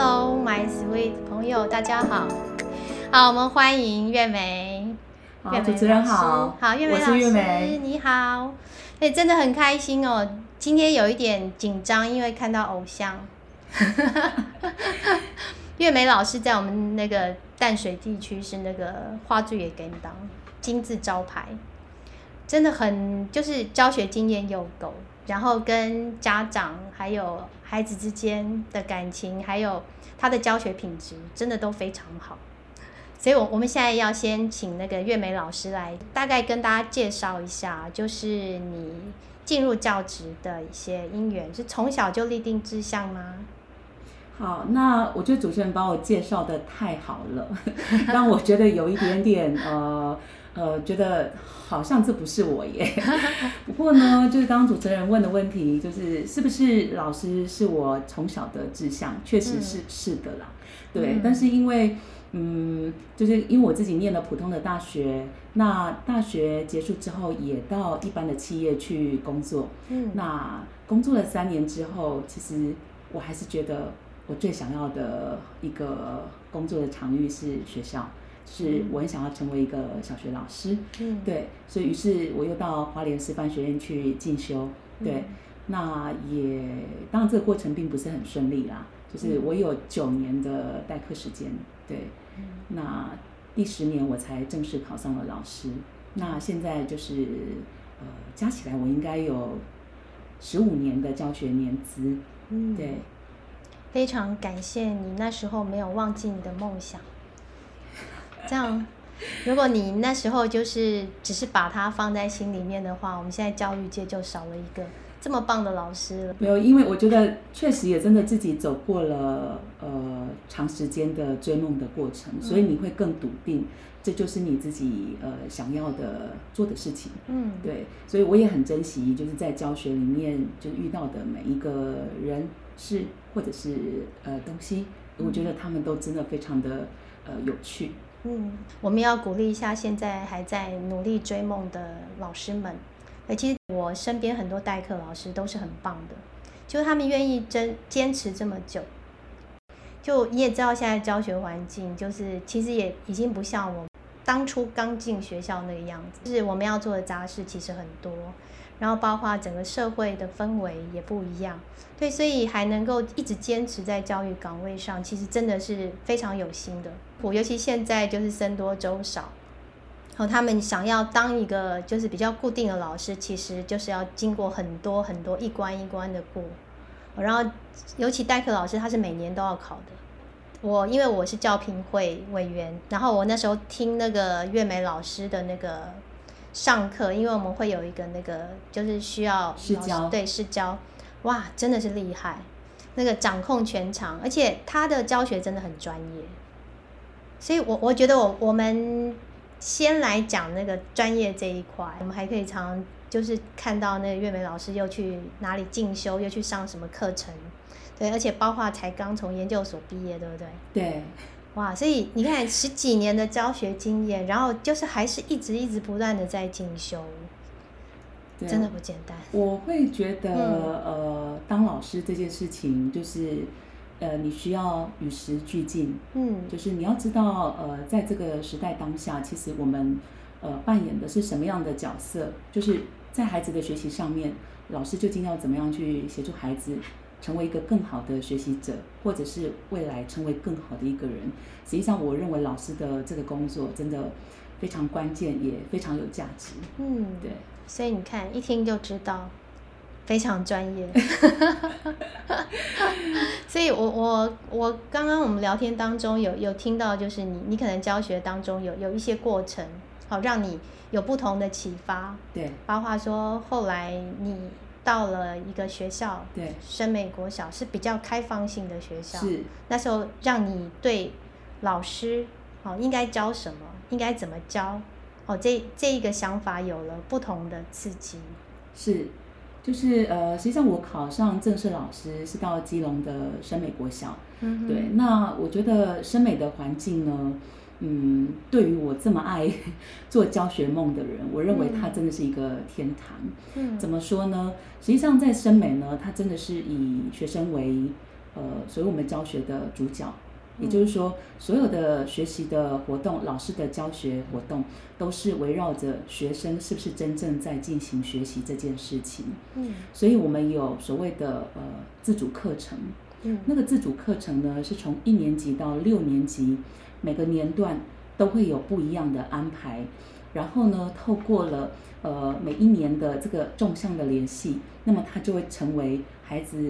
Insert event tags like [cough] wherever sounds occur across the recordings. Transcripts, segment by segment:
Hello, my sweet 朋友，大家好，好，我們歡迎月梅，好月梅主持人好，好，月梅老師梅你好，哎，欸，真的很開心哦，今天有一點緊張，因為看到偶像， [laughs] [laughs] [laughs] 月梅老師在我們那個淡水地區是那個話劇也給你當金字招牌，真的很就是教學經驗又夠，然後跟家長還有。孩子之間的感情，還有他的教學品質，真的都非常好。所以，我我們現在要先請那個月梅老師來，大概跟大家介紹一下，就是你進入教職的一些因緣，是從小就立定志向嗎？好，那我覺得主持人把我介紹得太好了， [laughs] 讓我覺得有一點點呃。呃，覺得好像這不是我耶。 [laughs] 不過呢，就是剛剛主持人問的問題，就是是不是老師是我從小的志向？確實是、嗯、是的啦。對，嗯、但是因為嗯，就是因為我自己念了普通的大學，那大學結束之後也到一般的企業去工作。嗯，那工作了三年之後，其實我還是覺得我最想要的一個工作的場域是學校。是，我很想要成為一個小學老師，嗯，對，所以於是我又到花蓮師範學院去進修，嗯、對，那也當然這個過程並不是很順利啦，就是我有九年的代課時間，嗯、對，嗯、那第十年我才正式考上了老師，嗯、那現在就是呃加起來我應該有十五年的教學年資，嗯，對，非常感謝你那時候沒有忘記你的夢想。這樣，如果你那時候就是只是把它放在心裡面的話，我們現在教育界就少了一個這麼棒的老師了。沒有，因為我覺得確實也真的自己走過了呃長時間的追夢的過程，所以你會更篤定這就是你自己呃想要的做的事情。嗯，對，所以我也很珍惜就是在教學裡面就遇到的每一個人是、事或者是呃東西，我覺得他們都真的非常的呃有趣。嗯，我們要鼓勵一下現在還在努力追夢的老師們。而其實我身邊很多代課老師都是很棒的，就是他們願意堅堅持這麼久。就你也知道，現在教學環境就是其實也已經不像我當初剛進學校那個樣子，就是我們要做的雜事其實很多。然後包括整個社會的氛圍也不一樣，對，所以還能夠一直堅持在教育崗位上，其實真的是非常有心的。我尤其現在就是僧多粥少，然後他們想要當一個就是比較固定的老師，其實就是要經過很多很多一關一關的過。然後尤其代課老師，他是每年都要考的。我因為我是教評會委員，然後我那時候聽那個月梅老師的那個。上課，因為我們會有一個那個，就是需要老師試教，對，試教，哇，真的是厲害，那個掌控全場，而且他的教學真的很專業，所以我我覺得我我們先來講那個專業這一塊，我們還可以常常就是看到那月梅老師又去哪裡進修，又去上什麼課程，對，而且包括才剛從研究所畢業，對不對？對。哇，所以你看十幾年的教學經驗，然後就是還是一直一直不斷的在進修，啊、真的不簡單。我會覺得，嗯、呃，當老師這件事情，就是，呃，你需要與時俱進，嗯，就是你要知道，呃，在這個時代當下，其實我們，呃，扮演的是什麼樣的角色？就是在孩子的學習上面，老師究竟要怎麼樣去協助孩子？成為一個更好的學習者，或者是未來成為更好的一個人，實際上，我認為老師的這個工作真的非常關鍵，也非常有價值。嗯，對。所以你看，一聽就知道非常專業。 [laughs] 所以我我我剛剛我們聊天當中有有聽到，就是你你可能教學當中有有一些過程，好讓你有不同的啟發。對，包括說後來你。到了一個學校，對，深美國小是比較開放性的學校。是，那時候讓你對老師，哦，應該教什麼，應該怎麼教，哦，這這一個想法有了不同的刺激。是，就是呃，實際上我考上正式老師是到基隆的深美國小。嗯哼。對，那我覺得深美的環境呢？嗯，對於我這麼愛做教學夢的人，我認為它真的是一個天堂。嗯，怎麼說呢？實際上，在深美呢，它真的是以學生為呃，所以我們教學的主角。嗯，也就是說，所有的學習的活動，老師的教學活動，都是圍繞着學生是不是真正在進行學習這件事情。嗯，所以我們有所謂的呃自主課程。嗯，那個自主課程呢，是從一年級到六年級。每個年段都會有不一樣的安排，然後呢，透過了呃每一年的這個縱向的聯繫，那麼他就會成為孩子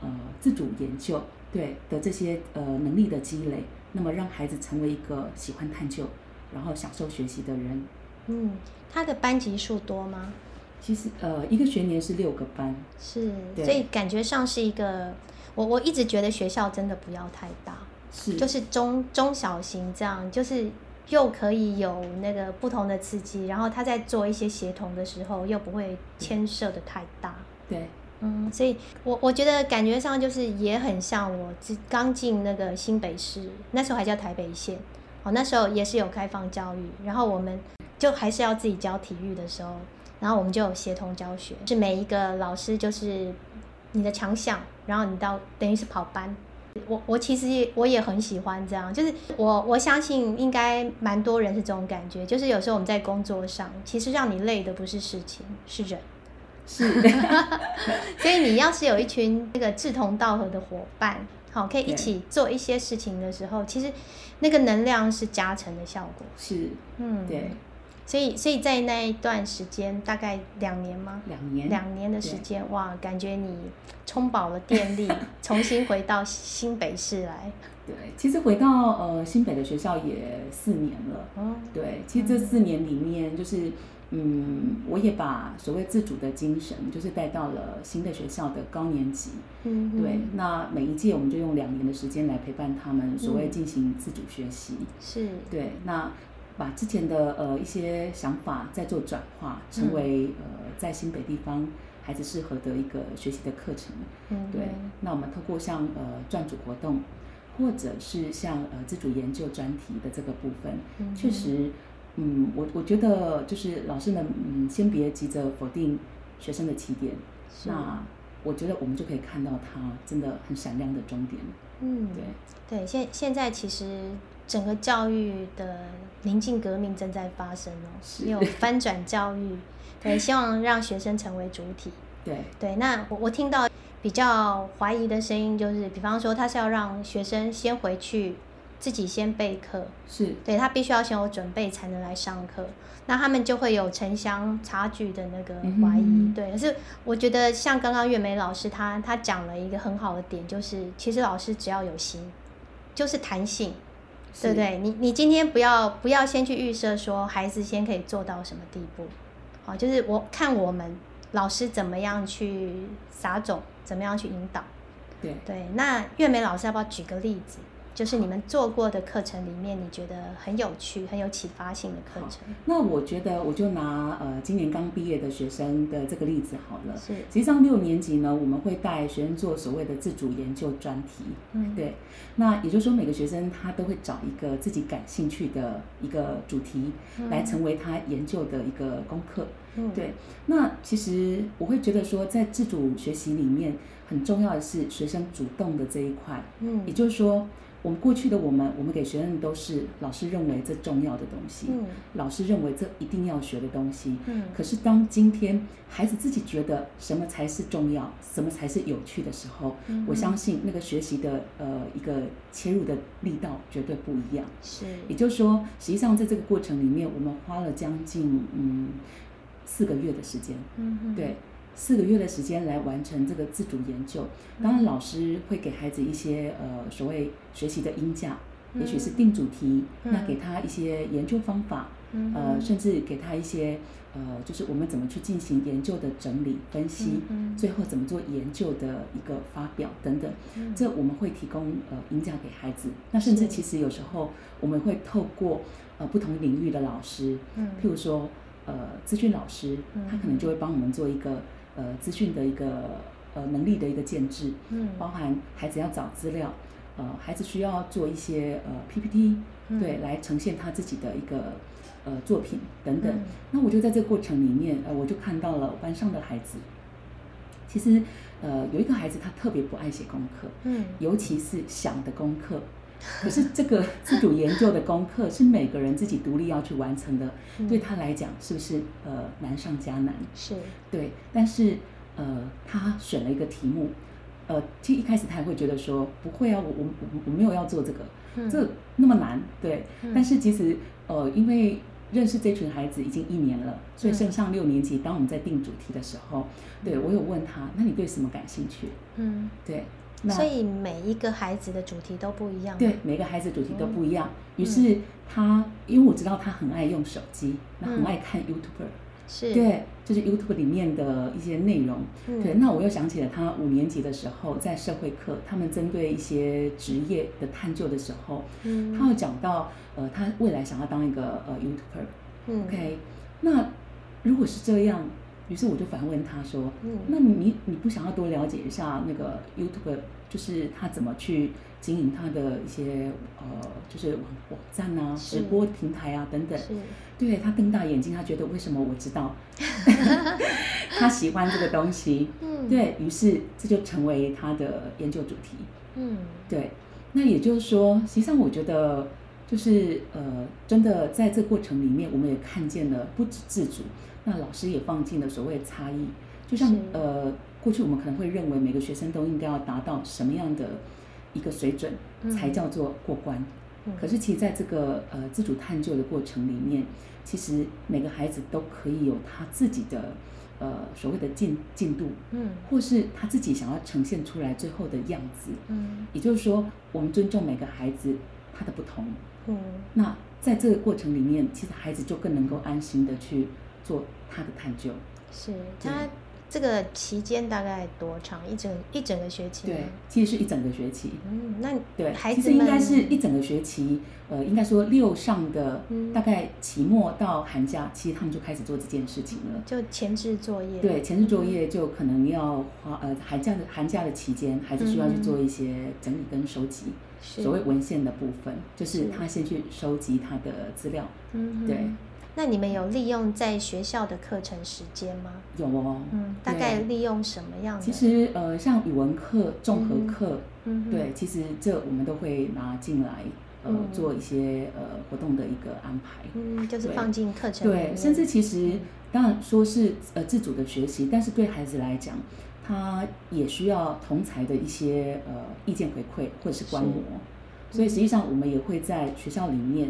呃自主研究對的這些呃能力的積累，那麼讓孩子成為一個喜歡探究，然後享受學習的人。嗯，他的班級數多嗎？其實呃一個學年是六個班，是，所以感覺上是一個，對我我一直覺得學校真的不要太大。是，就是中中小型這樣，就是又可以有那個不同的刺激，然後他在做一些協同的時候，又不會牽涉的太大。對，對，嗯，所以我我覺得感覺上就是也很像我剛進那個新北市，那時候還叫台北縣，哦，那時候也是有開放教育，然後我們就還是要自己教體育的時候，然後我們就有協同教學，就是每一個老師就是你的強項，然後你到等於是跑班。我我其實也我也很喜歡這樣，就是我我相信應該蠻多人是這種感覺，就是有時候我們在工作上，其實讓你累的不是事情，是人，是， [laughs] 所以你要是有一群那個志同道合的夥伴，好，可以一起做一些事情的時候，對其實那個能量是加成的效果，是，嗯，對。嗯所以，所以在那一段時間，大概兩年嗎？兩年。兩年的時間，對哇，感覺你充飽了電力， [laughs] 重新回到新北市來。對，其實回到呃新北的學校也四年了。哦。對，其實這四年裡面，就是、哦、嗯，我也把所謂自主的精神，就是帶到了新的學校的高年級。嗯哼。對，那每一屆我們就用兩年的時間來陪伴他們，嗯、所謂進行自主學習。是。對，那。把之前的呃一些想法再做轉化，成為、嗯、呃在新北地方孩子適合的一個學習的課程。嗯，對。嗯、那我們透過像呃撰組活動，或者是像呃自主研究專題的這個部分，嗯、確實，嗯，我我覺得就是老師們，嗯，先別急着否定學生的起點，是那我覺得我們就可以看到他真的很閃亮的終點。嗯，對對，現現在其實。整個教育的寧靜革命正在發生哦，有翻轉教育，對，希望讓學生成為主體。對對，那我我聽到比較懷疑的聲音，就是比方說他是要讓學生先回去自己先備課，是對他必須要先有準備才能來上課，那他們就會有城鄉差距的那個懷疑。對，可是我覺得像剛剛月梅老師他他講了一個很好的點，就是其實老師只要有心，就是彈性。是對不對？你你今天不要不要先去預設說孩子先可以做到什麼地步，好、啊，就是我看我們老師怎麼樣去撒種，怎麼樣去引導。對對，那月梅老師要不要舉個例子？就是你們做過的課程裡面，你覺得很有趣、很有啟發性的課程。那我覺得我就拿呃今年剛畢業的學生的這個例子好了。是。實際上六年級呢，我們會帶學生做所謂的自主研究專題。嗯。對。那也就是說，每個學生他都會找一個自己感興趣的一個主題，嗯，來成為他研究的一個功課。嗯。對。那其實我會覺得說，在自主學習裡面，很重要的是學生主動的這一塊。嗯。也就是說。我們過去的我們，我們給學生都是老師認為這重要的東西，嗯、老師認為這一定要學的東西。嗯、可是當今天孩子自己覺得什麼才是重要，什麼才是有趣的時候，嗯、哼我相信那個學習的呃一個切入的力道絕對不一樣。是，也就是說，實際上在這個過程裡面，我們花了將近嗯四個月的時間。嗯哼，對。四個月的時間來完成這個自主研究，當然老師會給孩子一些呃所謂學習的引導，也許是定主題，嗯、那給他一些研究方法，嗯、哼呃甚至給他一些呃就是我們怎麼去進行研究的整理分析，嗯、哼最後怎麼做研究的一個發表等等，嗯、這我們會提供呃引導給孩子，那甚至其實有時候我們會透過呃不同領域的老師，譬如說呃資訊老師，他可能就會幫我們做一個。呃，資訊的一個呃能力的一個建制，嗯，包含孩子要找資料，呃，孩子需要做一些呃 PPT、嗯、對，來呈現他自己的一個呃作品等等。嗯、那我就在這個過程裡面，呃，我就看到了班上的孩子，其實呃有一個孩子他特別不愛寫功課，嗯，尤其是想的功課。 [laughs] 可是這個自主研究的功課是每個人自己獨立要去完成的，嗯、對他來講是不是呃難上加難？是對，但是呃他選了一個題目，呃其實一開始他也會覺得說不會啊，我我我我沒有要做這個，這、嗯、那麼難，對。嗯、但是其實呃因為認識這群孩子已經一年了，所以升上六年級，當我們在定主題的時候，嗯、對我有問他，那你對什麼感興趣？嗯，對。那所以每一個孩子的主題都不一樣。對，每個孩子主題都不一樣。嗯、於是他，因為我知道他很愛用手機，嗯、他很愛看 YouTuber。是。對，就是 YouTube 裡面的一些內容。嗯、對，那我又想起了他五年級的時候，在社會課，他們針對一些職業的探究的時候，嗯、他有講到，呃，他未來想要當一個呃 YouTuber 嗯。嗯，OK。那如果是這樣。於是我就反問他說：“嗯、那你你不想要多了解一下那個 YouTube，就是他怎麼去經營他的一些呃，就是網站啊、直播是平台啊等等？”是對，他瞪大眼睛，他覺得為什麼我知道？ [laughs] [laughs] 他喜歡這個東西，嗯、對，於是這就成為他的研究主題。嗯，對。那也就是說，實際上我覺得就是呃，真的在這過程裡面，我們也看見了不止自主。那老師也放進了所謂的差異，就像是呃，過去我們可能會認為每個學生都應該要達到什麼樣的一個水準才叫做過關。嗯嗯、可是其實在這個呃自主探究的過程裡面，其實每個孩子都可以有他自己的呃所謂的進進度，嗯，或是他自己想要呈現出來最後的樣子，嗯，也就是說我們尊重每個孩子他的不同，嗯，那在這個過程裡面，其實孩子就更能夠安心的去。做他的探究，是他這個期間大概多長？一整一整個學期？對，其實是一整個學期。嗯，那對，孩子應該是一整個學期。呃，應該說六上的大概期末到寒假，嗯、其實他們就開始做這件事情了，就前置作業。對，前置作業就可能要花、嗯、呃寒假的寒假的期間，孩子需要去做一些整理跟收集，嗯、所謂文獻的部分，是就是他先去收集他的資料。嗯，對。那你們有利用在學校的課程時間嗎？有哦，嗯，對大概利用什麼樣子？其實呃，像語文課、綜合課，嗯、對，嗯、其實這我們都會拿進來，呃，嗯、做一些呃活動的一個安排，嗯，就是放進課程，對，對，甚至其實、嗯、當然說是呃自主的學習，但是對孩子來講，他也需要同儕的一些呃意見回饋或者是觀摩，是所以實際上我們也會在學校裡面。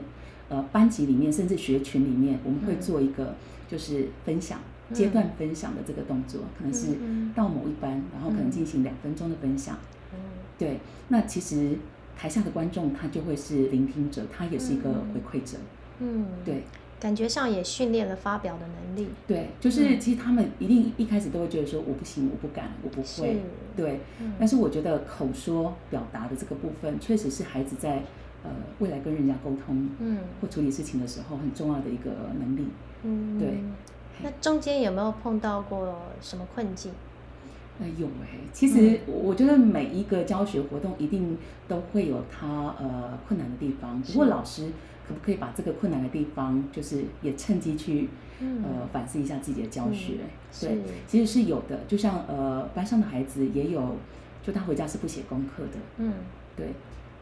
呃，班級裡面甚至學群裡面，我們會做一個就是分享階、嗯、段分享的這個動作，可能是到某一班，嗯、然後可能進行兩分鐘的分享。嗯，對。那其實台下的觀眾他就會是聆聽者，他也是一個回饋者。嗯，對。感覺上也訓練了發表的能力。對，就是其實他們一定一開始都會覺得說我不行，我不敢，我不會。是對。嗯、但是我覺得口說表達的這個部分，確實是孩子在。呃，未來跟人家溝通，嗯，或處理事情的時候，很重要的一個能力，嗯，對。那中間有沒有碰到過什麼困境？哎、呃、有哎、欸，其實我覺得每一個教學活動一定都會有它呃困難的地方，不過老師可不可以把這個困難的地方，就是也趁機去、嗯、呃反思一下自己的教學？嗯、對，是其實是有的。就像呃班上的孩子也有，就他回家是不寫功課的，嗯，對。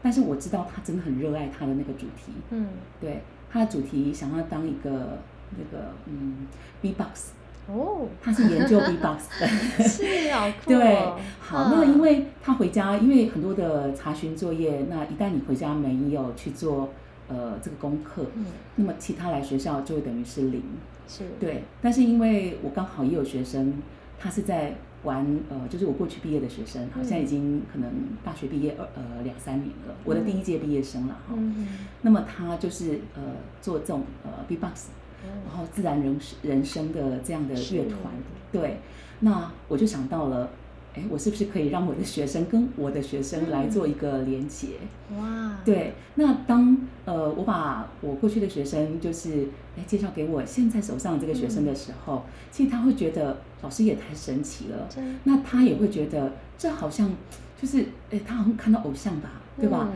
但是我知道他真的很熱愛他的那個主題，嗯，對，他的主題想要當一個那個嗯，B box，哦，他是研究 B box 的。 [laughs] 是啊，哦、對，好，啊、那因為他回家，因為很多的查詢作業，那一旦你回家沒有去做呃這個功課，嗯、那麼其他來學校就會等於是零，是，對，但是因為我剛好也有學生，他是在玩呃，就是我過去畢業的學生，嗯、現在已經可能大學畢業二呃兩三年了，嗯、我的第一屆畢業生了哈、嗯嗯哦。那麼他就是呃做這種呃 Beatbox，嗯、然後自然人人生的這樣的樂團，的對。那我就想到了。哎，我是不是可以讓我的學生跟我的學生來做一個連接、嗯？哇！對，那當呃，我把我過去的學生，就是來介紹給我現在手上的這個學生的時候，嗯、其實他會覺得老師也太神奇了。嗯、那他也會覺得這好像就是哎，他好像看到偶像吧，嗯、對吧？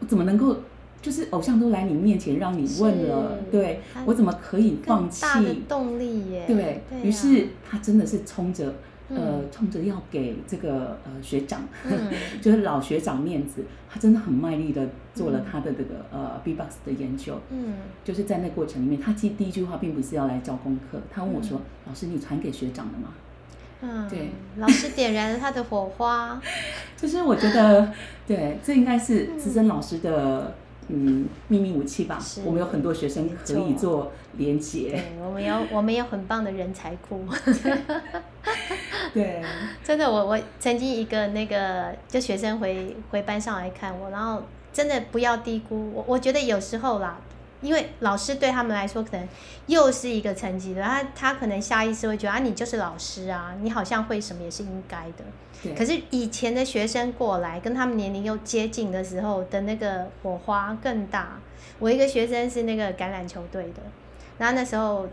我怎麼能夠就是偶像都來你面前讓你問了？是、對還我怎麼可以放棄動力耶？對，對、啊、於是，他真的是衝着。呃，衝着要給這個呃學長，嗯、 [laughs] 就是老學長面子，他真的很賣力的做了他的這個、嗯、呃 B box 的研究。嗯，就是在那過程裡面，他其實第一句話並不是要來教功課，他問我說：“嗯、老師，你傳給學長了嗎？”嗯，對，老師點燃了他的火花。 [laughs] 就是我覺得，對，這應該是資深老師的嗯秘密武器吧。是我們有很多學生可以做聯結。對，我們有我們有很棒的人才庫。 [laughs] 對，真的，我我曾經一個那個就學生回回班上來看我，然後真的不要低估我，我覺得有時候啦，因為老師對他們來說可能又是一個層級的，他他可能下意識會覺得啊，你就是老師啊，你好像會什麼也是應該的。對可是以前的學生過來跟他們年齡又接近的時候的那個火花更大。我一個學生是那個橄欖球隊的，然後那時候，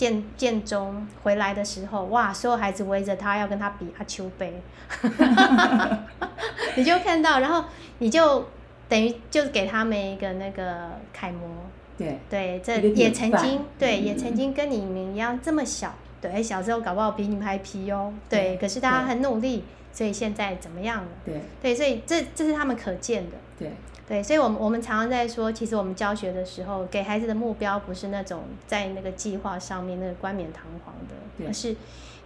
建建中回來的時候，哇，所有孩子圍着他，要跟他比阿秋杯。 [laughs] [laughs] [laughs] 你就看到，然後你就等於就給他們一個那個楷模，對，對。這也曾經，對也曾經跟你們一樣這麼小，對，小時候搞不好比你們還皮哦。對，對，可是他很努力，對所以現在怎麼樣了？對對，所以這這是他們可見的，對。對，所以我，我們我們常常在說，其實我們教學的時候，給孩子的目標不是那種在那個計劃上面那個冠冕堂皇的，對而是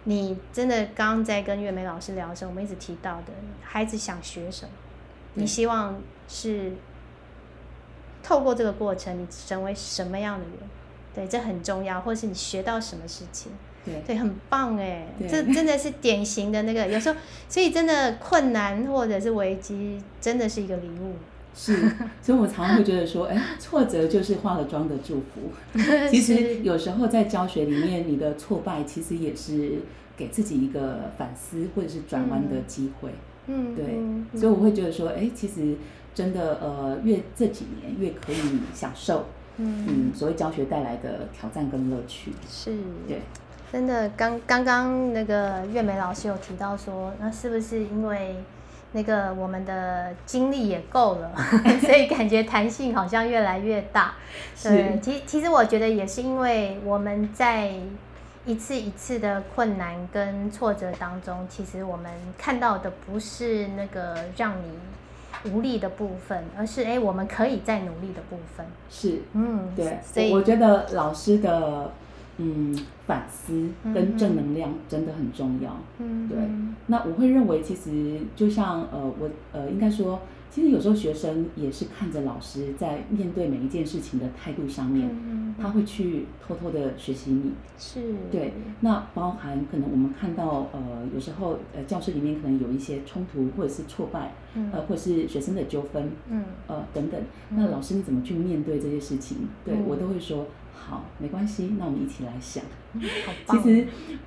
你真的剛剛在跟月梅老師聊的時候，我們一直提到的，孩子想學什麼，你希望是透過這個過程，你成為什麼樣的人，對，這很重要，或是你學到什麼事情，對，對，很棒哎，對這真的是典型的那個， [laughs] 有時候，所以真的困難或者是危機，真的是一個禮物。 [laughs] 是，所以我常常會覺得說，哎，挫折就是化了妝的祝福。其實有時候在教學裡面，你的挫敗其實也是給自己一個反思或者是轉彎的機會。嗯，對。嗯嗯、所以我會覺得說，哎，其實真的，呃，越這幾年越可以享受，嗯，嗯，所謂教學帶來的挑戰跟樂趣。是，對，真的，剛，剛剛那個月梅老師有提到說，那是不是因為？那個我們的精力也夠了， [laughs] 所以感覺彈性好像越來越大。對是，其、呃、其實我覺得也是因為我們在一次一次的困難跟挫折當中，其實我們看到的不是那個讓你無力的部分，而是、欸、我們可以再努力的部分。是，嗯，對，所以我覺得老師的。嗯，反思跟正能量真的很重要。嗯哼，對。那我會認為，其實就像呃，我呃，應該說，其實有時候學生也是看着老師在面對每一件事情的態度上面，嗯嗯，他會去偷偷的學習你。是。對。那包含可能我們看到呃，有時候呃，教室裡面可能有一些衝突，或者是挫敗，嗯、呃，或者是學生的糾紛，嗯、呃，等等。那老師你怎麼去面對這些事情？嗯、對我都會說。好，沒關係，那我們一起來想。嗯、其實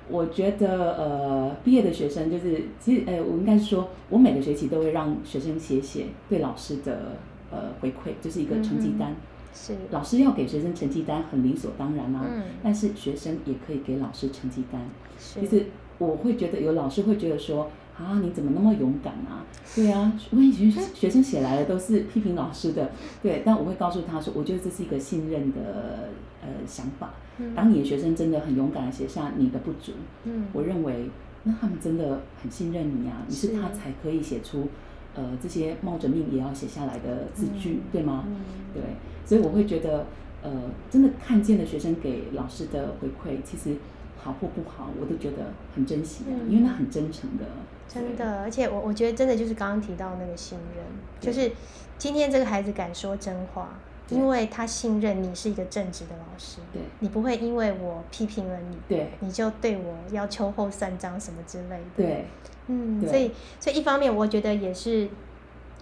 我覺得，呃，畢業的學生就是，其實，呃，我應該說，我每個學期都會讓學生寫寫對老師的呃回饋，就是一個成績單。嗯嗯，是。老師要給學生成績單，很理所當然啦、啊，嗯、但是學生也可以給老師成績單。是。其實我會覺得，有老師會覺得說，啊，你怎麼那麼勇敢啊？對啊，我以前學生寫來的都是批評老師的。對。但我會告訴他說，我覺得這是一個信任的。呃，想法，當你的學生真的很勇敢的寫下你的不足，嗯，我認為那他們真的很信任你啊，是你是他才可以寫出，呃，這些冒着命也要寫下來的字句，嗯、對嗎？嗯、對，所以我會覺得，呃，真的看見了學生給老師的回饋，其實好或不好，我都覺得很珍惜、啊，嗯、因為那很真誠的，真的，對而且我我覺得真的就是剛剛提到那個信任，對就是今天這個孩子敢說真話。因為他信任你是一個正直的老師，對你不會因為我批評了你，對你就對我要秋後算賬什麼之類的。對嗯，對所以，所以一方面我覺得也是，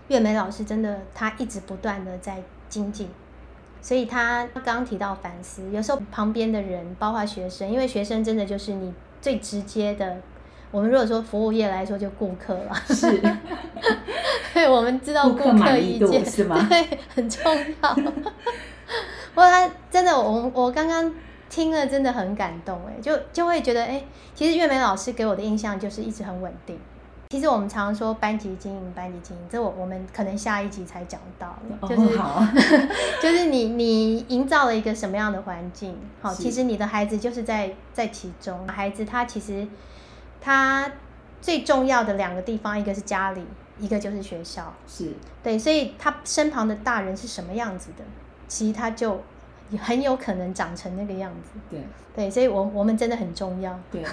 月梅老師真的，他一直不斷的在精進，所以他剛提到反思，有時候旁邊的人，包括學生，因為學生真的就是你最直接的，我們如果說服務業來說，就顧客了。是。 [laughs] 對，我們知道顧客，一顧客滿意度是嗎？對，很重要。我， [laughs] 真的，我我剛剛聽了，真的很感動哎，就就會覺得哎、欸，其實月梅老師給我的印象就是一直很穩定。其實我們常說班級經營，班級經營，這我我們可能下一集才講到。哦，就是、好。 [laughs] 就是你你營造了一個什麼樣的環境？好是，其實你的孩子就是在在其中。孩子他其實他最重要的兩個地方，一個是家裡。一個就是學校，是，對，所以他身旁的大人是什麼樣子的，其實他就，很有可能長成那個樣子。對，對，所以我我們真的很重要。對，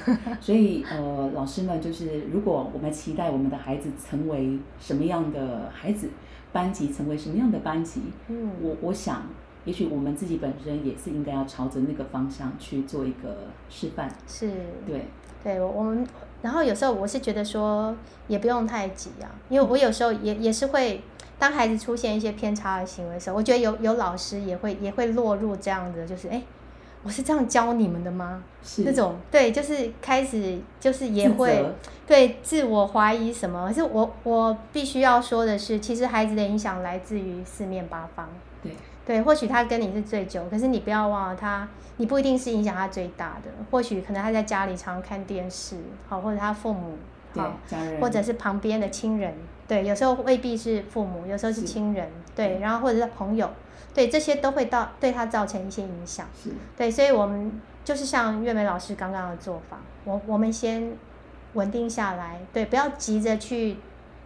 所以呃，老師們就是，如果我們期待我們的孩子成為什麼樣的孩子，班級成為什麼樣的班級，嗯，我我想，也許我們自己本身也是應該要朝着那個方向去做一個示範。是。對。對我，我們，然後有時候我是覺得說也不用太急啊，因為我有時候也也是會，當孩子出現一些偏差的行為的時候，我覺得有有老師也會也會落入這樣子，就是哎，我是這樣教你們的嗎？是那種對，就是開始就是也會自責，對，自我懷疑什麼，可是我我必須要說的是，其實孩子的影響來自於四面八方。對，或許他跟你是最久，可是你不要忘了他，你不一定是影響他最大的，或許可能他在家裡常常看電視，好，或者他父母，好，對，家人，或者是旁邊的親人，對，有時候未必是父母，有時候是親人，是對，然後或者是朋友，對，這些都會到對他造成一些影響，是對，所以我們就是像月梅老師剛剛的做法，我我們先穩定下來，對，不要急着去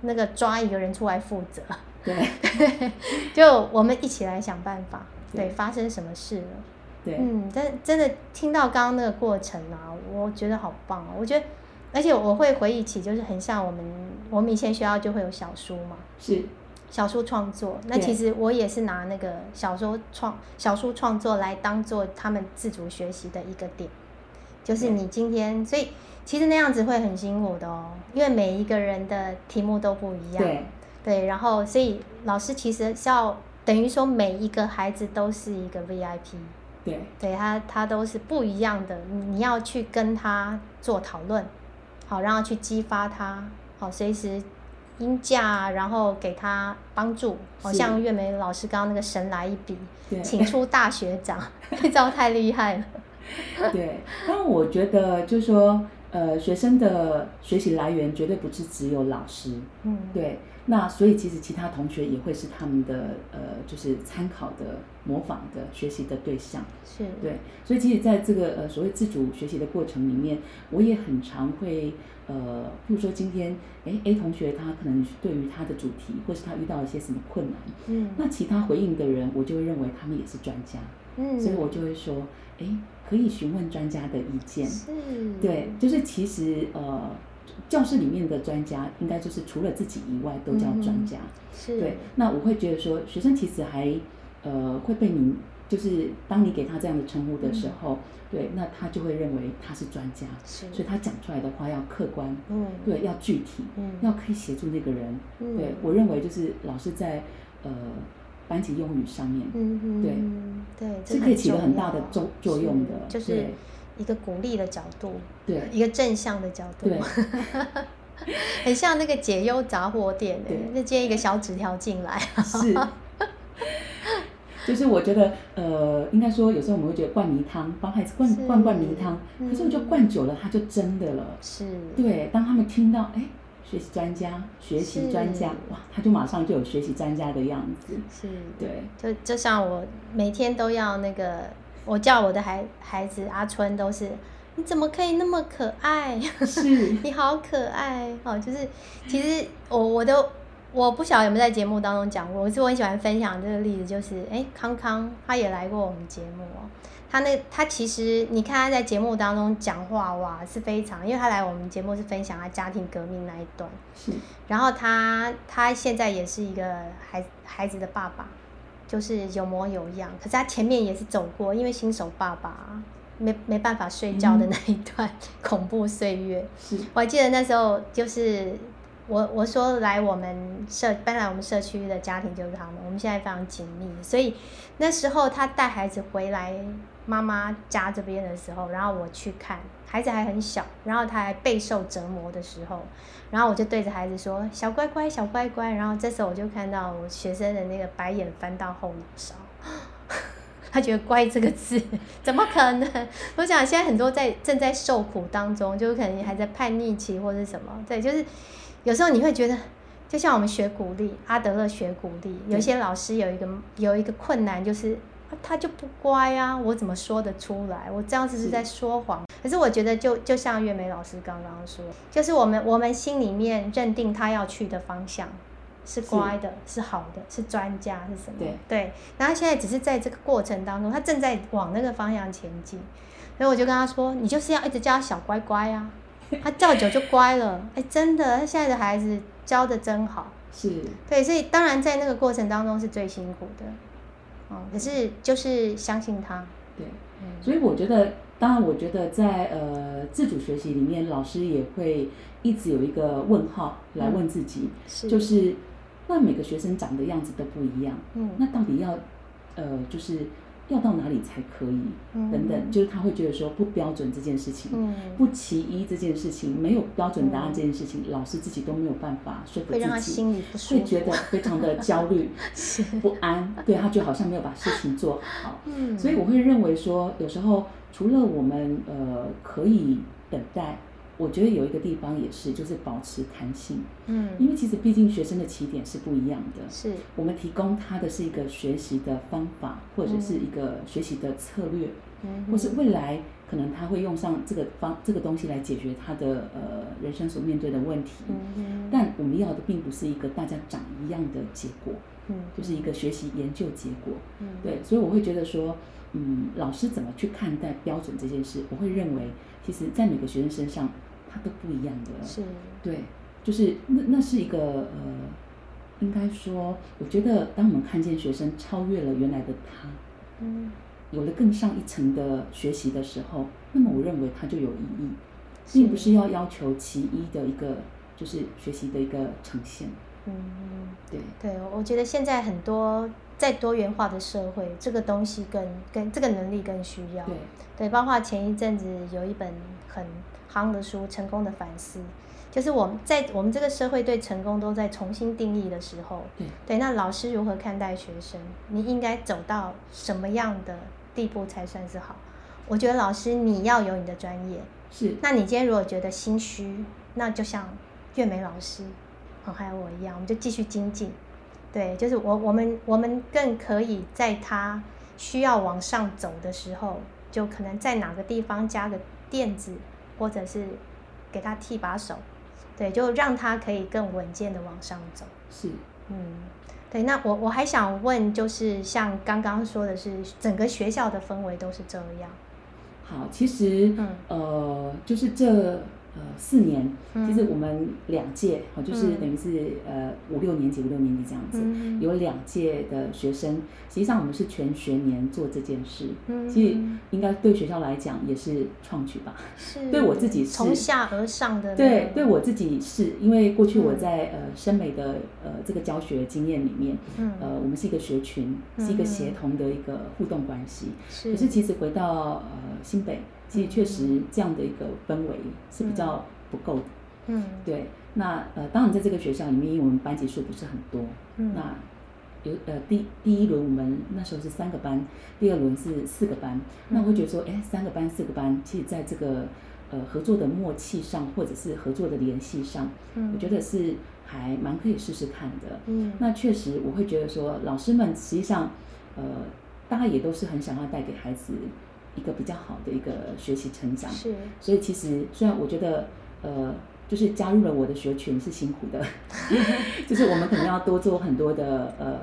那個抓一個人出來負責。對，Yeah. [laughs] 就我們一起來想辦法，Yeah. 對，發生什麼事了？對，Yeah. 嗯，但真的聽到剛剛那個過程啊，我覺得好棒哦，啊。我覺得，而且我會回憶起，就是很像我們，我們以前學校就會有小書嘛，是小書創作。Yeah. 那其實我也是拿那個小書創小書創作來當做他們自主學習的一個點，就是你今天，Yeah. 所以其實那樣子會很辛苦的哦，喔，因為每一個人的題目都不一樣。Yeah. 對。對，然後所以老師其實是要等於說每一個孩子都是一個 VIP，對，對他他都是不一樣的，你，你要去跟他做討論，好，讓他去激發他，好，隨時應價，然後給他幫助。好，是像月梅老師剛剛那個神來一筆，對請出大學長， [laughs] [laughs] 這招太厲害了。對，但我覺得就是說，呃，學生的學習來源絕對不是只有老師，嗯，對。那所以其實其他同學也會是他們的呃，就是參考的、模仿的、學習的對象。是的。對。所以其實在這個呃所謂自主學習的過程裡面，我也很常會呃，譬如說今天誒 A 同學他可能對於他的主題或是他遇到一些什麼困難，嗯。那其他回應的人，我就會認為他們也是專家，嗯。所以我就會說，誒，可以詢問專家的意見。是。對，就是其實呃。教室裡面的專家，應該就是除了自己以外都叫專家。對，那我會覺得說，學生其實還呃會被你，就是當你給他這樣的稱呼的時候，對，那他就會認為他是專家，所以他講出來的話要客觀，對，要具體，要可以協助那個人。對，我認為就是老師在呃班級用語上面，對對，是可以起了很大的作作用的，就是。一個鼓勵的角度，對，一個正向的角度，對，很像那個解憂雜貨店，那接一個小紙條進來，是，就是我覺得，呃，應該說，有時候我們會覺得灌迷湯，幫孩子灌灌灌迷湯，可是我就灌久了，他就真的了，是，對，當他們聽到，哎，學習專家，學習專家，哇，他就馬上就有學習專家的樣子，是，對，就就像我每天都要那個。我叫我的孩孩子阿春都是，你怎麼可以那麼可愛？是， [laughs] 你好可愛哦，就是其實我我都我不曉得有沒有在節目當中講過，我是我很喜歡分享這個例子，就是誒、欸，康康他也來過我們節目哦，他那個、他其實你看他在節目當中講話哇是非常，因為他來我們節目是分享他家庭革命那一段，是然後他他現在也是一個孩子孩子的爸爸。就是有模有樣，可是他前面也是走過，因為新手爸爸沒沒辦法睡覺的那一段恐怖歲月。嗯、我還記得那時候，就是我我說來我們社搬來我們社區的家庭就是他們，我們現在非常緊密，所以那時候他帶孩子回來。媽媽家這邊的時候，然後我去看孩子還很小，然後他還備受折磨的時候，然後我就對着孩子說：“小乖乖，小乖乖。”然後這時候我就看到我學生的那個白眼翻到後腦勺， [laughs] 他覺得“乖”這個字怎麼可能？我想現在很多在正在受苦當中，就可能還在叛逆期或者什麼，對，就是有時候你會覺得，就像我們學鼓勵，阿德勒學鼓勵，有些老師有一個有一個困難就是。他就不乖啊，我怎麼說得出來？我這樣子是，是在說謊。是可是我覺得就，就就像月梅老師剛剛說，就是我們我們心裡面認定他要去的方向，是乖的，是，是好的，是專家是什麼？對，對。然後現在只是在這個過程當中，他正在往那個方向前進。所以我就跟他說，你就是要一直叫他小乖乖啊，他叫久就乖了。哎，真的，他現在的孩子教得真好。是。對，所以當然在那個過程當中是最辛苦的。哦，可是就是相信他。嗯，對，所以我覺得，當然，我覺得在呃自主學習裡面，老師也會一直有一個問號來問自己，嗯，是。就是，那每個學生長的樣子都不一樣，嗯，那到底要呃就是。要到哪裡才可以？等等，嗯、就是他會覺得說不標準這件事情，嗯、不齊一這件事情，沒有標準答案這件事情，嗯、老師自己都沒有辦法說服自己，會讓他心裡不舒服，會覺得非常的焦慮 [laughs] 是不安。對，他就好像沒有把事情做好，嗯、所以我會認為說，有時候除了我們呃可以等待。我覺得有一個地方也是，就是保持彈性，嗯，因為其實畢竟學生的起點是不一樣的，是我們提供他的是一個學習的方法，或者是一個學習的策略，嗯，或是未來可能他會用上這個方這個東西來解決他的呃人生所面對的問題，嗯，嗯，但我們要的並不是一個大家長一樣的結果，嗯，就是一個學習研究結果，嗯，對，所以我會覺得說，嗯，老師怎麼去看待標準這件事？我會認為，其實，在每個學生身上。它都不一樣的，是，對，就是那那是一個呃，應該說，我覺得當我們看見學生超越了原來的他，嗯，有了更上一層的學習的時候，那麼我認為它就有意義，並、嗯、不是要要求其一的一個就是學習的一個呈現，嗯是，對，對，我覺得現在很多在多元化的社會，這個東西更更這個能力更需要，對，對，包括前一陣子有一本很。行的書，成功的反思，就是我們在我們這個社會對成功都在重新定義的時候，嗯、對，那老師如何看待學生？你應該走到什麼樣的地步才算是好？我覺得老師你要有你的專業，是，那你今天如果覺得心虛，那就像月梅老師，哦，還有我一樣，我們就繼續精進，對，就是我我們我們更可以在他需要往上走的時候，就可能在哪個地方加個墊子。或者是給他替把手，對，就讓他可以更穩健的往上走。是，嗯，對。那我我還想問，就是像剛剛說的是整個學校的氛圍都是這樣。好，其實，嗯，呃，就是這。呃、四年，其實我們兩屆，嗯啊、就是等於是呃五六年級、五六年級這樣子，嗯、有兩屆的學生。實際上，我們是全學年做這件事，嗯、其實應該對學校來講也是創舉吧。是，對我自己是從下而上的。對，對我自己是因為過去我在、嗯、呃深美的呃這個教學經驗裡面，嗯、呃，我們是一個學群，嗯、是一個協同的一個互動關係。是，可是其實回到呃新北。其實確實這樣的一個氛圍是比較不夠的。嗯，嗯對。那呃，當然在這個學校裡面，因為我們班級數不是很多。嗯。那有呃，第一第一輪我們那時候是三個班，第二輪是四個班。嗯。那我會覺得說，哎，三個班、四個班，其實在這個呃合作的默契上，或者是合作的聯繫上，嗯，我覺得是還蠻可以試試看的。嗯。那確實，我會覺得說，老師們實際上，呃，大家也都是很想要帶給孩子。一個比較好的一個學習成長，是，所以其實雖然我覺得，呃，就是加入了我的學群是辛苦的，就是我們可能要多做很多的呃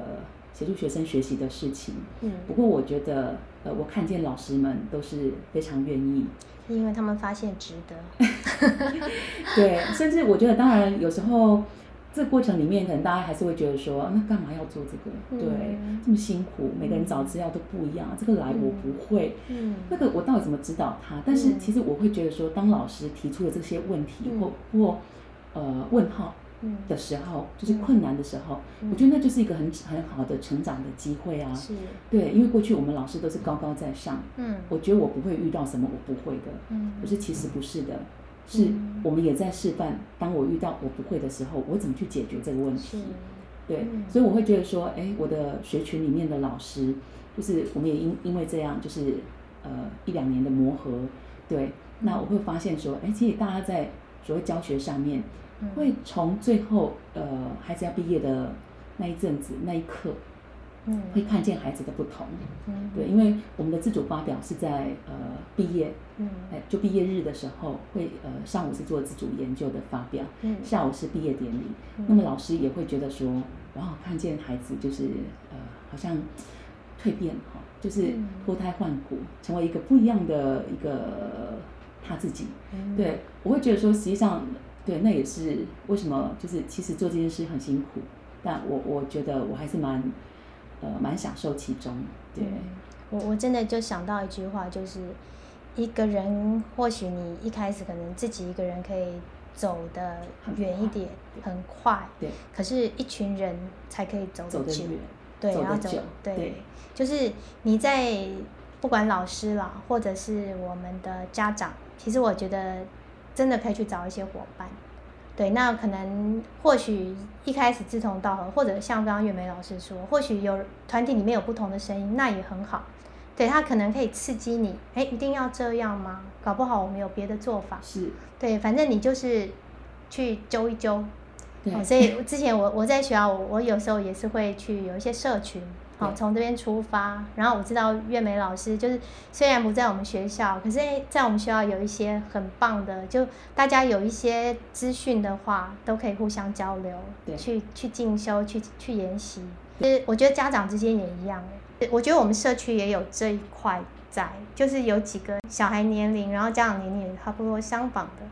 協助學生學習的事情。嗯，不過我覺得，呃，我看見老師們都是非常願意，是因為他們發現值得。 [laughs] 對，甚至我覺得，當然有時候。這個過程裡面，可能大家還是會覺得說，那幹嘛要做這個？嗯、對，這麼辛苦，嗯、每個人找資料都不一樣，這個來我不會，嗯嗯、那個我到底怎麼指導他？但是其實我會覺得說，當老師提出了這些問題、嗯、或或呃問號的時候，嗯、就是困難的時候，嗯、我覺得那就是一個很很好的成長的機會啊。是對，因為過去我們老師都是高高在上，嗯，我覺得我不會遇到什麼，我不會的，嗯、可是其實不是的。是我們也在示範，當我遇到我不會的時候，我怎麼去解決這個問題？是對，嗯、所以我會覺得說，哎，我的學群裡面的老師，就是我們也因因為這樣，就是呃一兩年的磨合，對，嗯、那我會發現說，哎，其實大家在所謂教學上面，嗯、會從最後呃孩子要畢業的那一陣子那一刻。會看見孩子的不同，對，因為我們的自主發表是在呃畢業，嗯，哎，就畢業日的時候會呃上午是做自主研究的發表，嗯，下午是畢業典禮，嗯、那麼老師也會覺得說，然後，哦，看見孩子就是呃好像蛻變哈、哦，就是脫胎換骨，成為一個不一樣的一個他自己，嗯、對，我會覺得說實際上對，那也是為什麼就是其實做這件事很辛苦，但我我覺得我還是蠻。呃，蠻享受其中的。對我、嗯，我真的就想到一句話，就是一個人，或許你一開始可能自己一個人可以走得遠一點，很快。可是，一群人才可以走走得久。得對。然後走，對。對，就是你在不管老師啦，或者是我們的家長，其實我覺得真的可以去找一些夥伴。對，那可能或許一開始志同道合，或者像剛剛月梅老師說，或許有團體裡面有不同的聲音，那也很好。對，他可能可以刺激你，哎，一定要這樣嗎？搞不好我們有別的做法。是對，反正你就是去揪一揪。對、哦。所以之前我我在學校，我有時候也是會去有一些社群。好，從這邊出發。然後我知道月梅老師，就是雖然不在我們學校，可是在我們學校有一些很棒的，就大家有一些資訊的話，都可以互相交流，去去進修，去去研習。其實對我覺得家長之間也一樣，我覺得我們社區也有這一塊在，就是有幾個小孩年齡，然後家長年齡也差不多相仿的，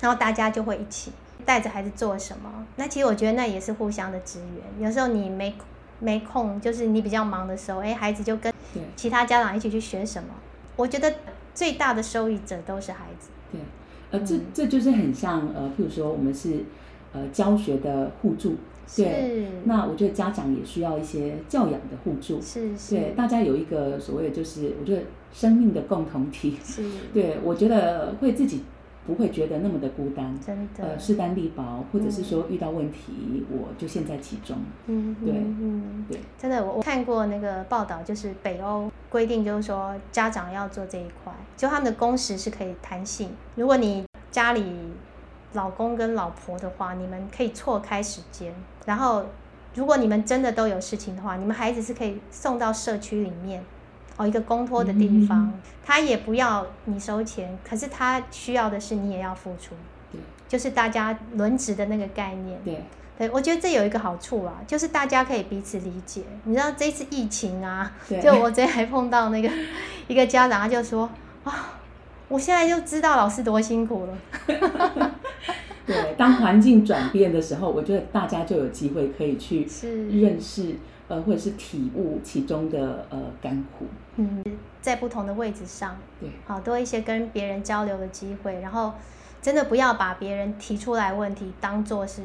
然後大家就會一起帶着孩子做什麼。那其實我覺得那也是互相的支援。有時候你沒。沒空，就是你比較忙的時候，哎，孩子就跟其他家長一起去學什麼。對我覺得最大的受益者都是孩子。對呃，這這就是很像呃，譬如說我們是呃教學的互助，對。是那我覺得家長也需要一些教養的互助，是是。對，大家有一個所謂就是，我覺得生命的共同體。是。對，我覺得會自己，不會覺得那麼的孤單，真的。呃，勢單力薄，或者是說遇到問題，嗯、我就陷在其中。嗯，嗯嗯對，對，真的我看過那個報道，就是北歐規定，就是說家長要做這一塊，就他們的工時是可以彈性。如果你家裡老公跟老婆的話，你們可以錯開時間。然後，如果你們真的都有事情的話，你們孩子是可以送到社區裡面。哦，一個公托的地方，嗯嗯他也不要你收錢，可是他需要的是你也要付出，對就是大家輪值的那個概念。對，對我覺得這有一個好處啊，就是大家可以彼此理解。你知道這次疫情啊，對就我昨天還碰到那個一個家長，他就說啊，我現在就知道老師多辛苦了。 [laughs] [laughs] 對，當環境轉變的時候， [laughs] 我覺得大家就有機會可以去認識。呃，或者是體悟其中的呃甘苦，嗯，在不同的位置上，對，好多一些跟別人交流的機會，然後真的不要把別人提出來問題當做是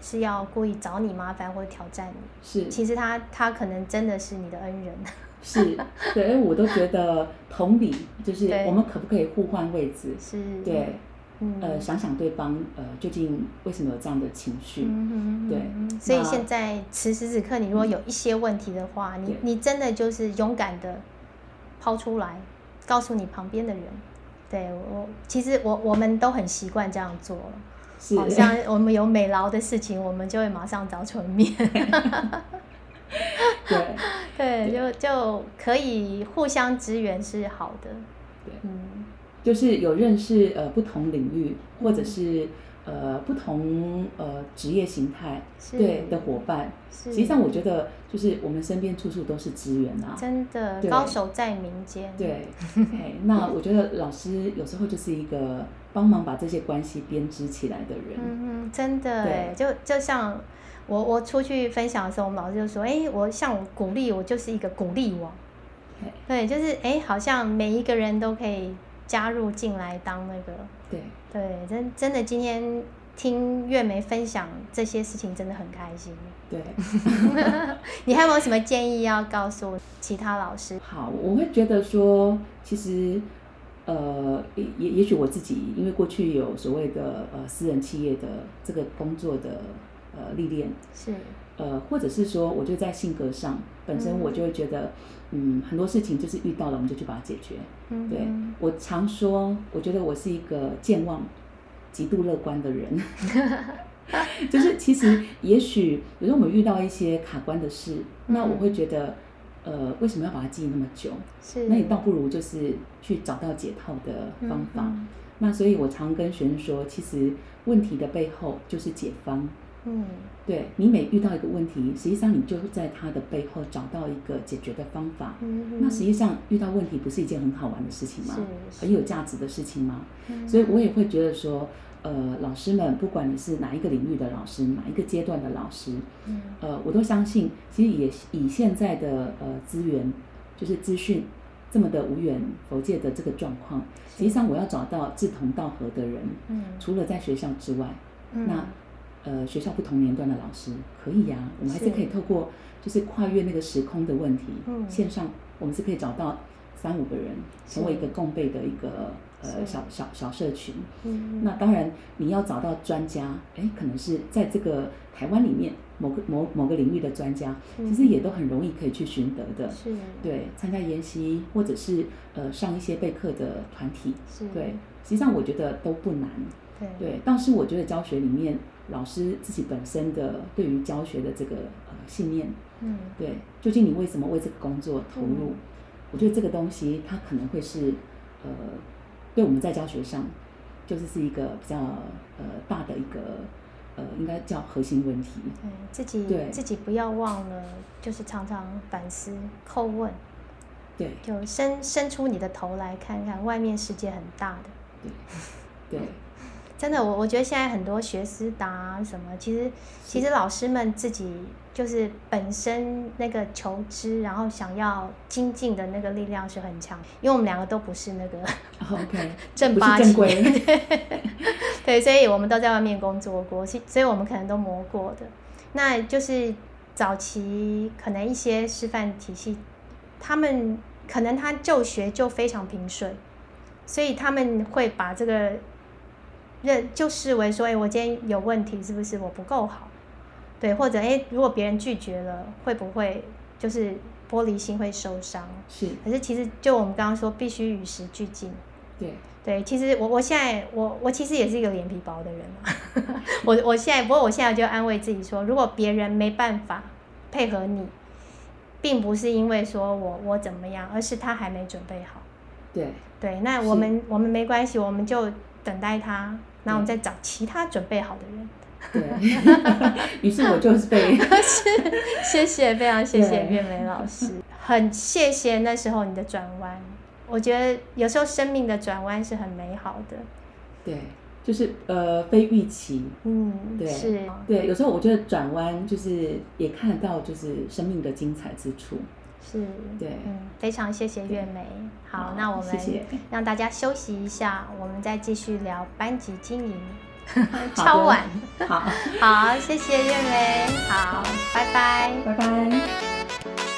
是要故意找你麻煩或者挑戰你，是，其實他他可能真的是你的恩人，是對，哎，我都覺得同理，就是我們可不可以互換位置？對對是，對。嗯呃、想想對方，呃，究竟為什麼有這樣的情緒？嗯嗯、對，那所以現在此時此刻，你如果有一些問題的話，嗯、你你真的就是勇敢的拋出來，對告訴你旁邊的人。對我，其實我我們都很習慣這樣做。是好像我們有美勞的事情， [laughs] 我們就會馬上找唇面。 [laughs] [laughs] 對，對就就可以互相支援是好的。對嗯。就是有認識呃不同領域或者是呃不同呃職業形態是對的夥伴，是實際上我覺得就是我們身邊處處都是資源啊，真的對高手在民間。對，對、 [laughs] 哎，那我覺得老師有時候就是一個幫忙把這些關係編織起來的人。嗯，真的，對，就就像我我出去分享的時候，我們老師就說，哎，我向我鼓勵我就是一個鼓勵我。對，對，就是哎，好像每一個人都可以。加入進來，當那個對對，真真的，今天聽月梅分享這些事情真的很開心。對， [laughs] [laughs] 你還有沒有什麼建議要告訴其他老師？好，我會覺得說，其實呃，也也也許我自己，因為過去有所謂的呃私人企業的這個工作的呃歷練是。呃，或者是說，我就在性格上，本身我就會覺得，嗯，嗯，很多事情就是遇到了，我們就去把它解決。嗯、哼對，我常說，我覺得我是一個健忘、極度樂觀的人， [laughs] 就是其實也許有時候我們遇到一些卡關的事，嗯、哼那我會覺得，呃，為什麼要把它記那麼久？是那你倒不如就是去找到解套的方法。嗯、哼那所以我常跟學生說，其實問題的背後就是解方。嗯，對你每遇到一個問題，實際上你就在他的背後找到一個解決的方法。嗯嗯、那實際上遇到問題不是一件很好玩的事情嗎？很有價值的事情嗎？嗯、所以我也會覺得說，呃，老師們，不管你是哪一個領域的老師，哪一個階段的老師，嗯、呃，我都相信，其實也以現在的呃資源，就是資訊這麼的無遠弗屆的這個狀況，是實際上我要找到志同道合的人。嗯，除了在學校之外，嗯、那。呃，學校不同年段的老師可以呀、啊，是我們還是可以透過就是跨越那個時空的問題，嗯、線上我們是可以找到三五個人，是成為一個共備的一個呃是小小小社群。嗯、哼那當然你要找到專家，哎、欸，可能是在這個台灣裡面某個某某個領域的專家，嗯、哼其實也都很容易可以去尋得的。是對，參加研習或者是呃上一些備課的團體，是對，實際上我覺得都不難。對，但是我覺得教學裡面，老師自己本身的對於教學的這個呃信念，嗯，對，究竟你為什麼為這個工作投入？嗯，我覺得這個東西它可能會是呃，對我們在教學上就是是一個比較呃大的一個呃，應該叫核心問題。對，自己對，自己不要忘了，就是常常反思叩問，對，就伸伸出你的頭來看看，外面世界很大的，對，對。 [laughs] 真的，我我覺得現在很多學思達什麼，其實其實老師們自己就是本身那個求知，然後想要精進的那個力量是很強，因為我們兩個都不是那個、oh, OK 正八經， [laughs] 對，所以我們都在外面工作過，所以我們可能都磨過的，那就是早期可能一些師範體系，他們可能他就學就非常平順，所以他們會把這個。就視為說，哎，我今天有問題是不是我不夠好？對，或者哎，如果別人拒絕了，會不會就是玻璃心會受傷？是。可是其實就我們剛剛說，必須與時俱進。對對，其實我我現在我我其實也是一個臉皮薄的人 [laughs] 我我現在，不過我現在就安慰自己說，如果別人沒辦法配合你，並不是因為說我我怎麼樣，而是他還沒準備好。對對，那我們是我們沒關係，我們就等待他。那我們再找其他準備好的人的。對、啊，於是我就是被 [laughs] 是。謝謝，非常謝謝月梅老師，很謝謝那時候你的轉彎。我覺得有時候生命的轉彎是很美好的。對，就是呃，非預期。嗯，對，是對，有時候我覺得轉彎就是也看得到就是生命的精彩之處。是對嗯，非常謝謝月梅。對好，好，那我們謝謝讓大家休息一下，我們再繼續聊班級經營。 [laughs] 的 [laughs] 超晚，好，好，謝謝月梅。好，拜拜。拜拜。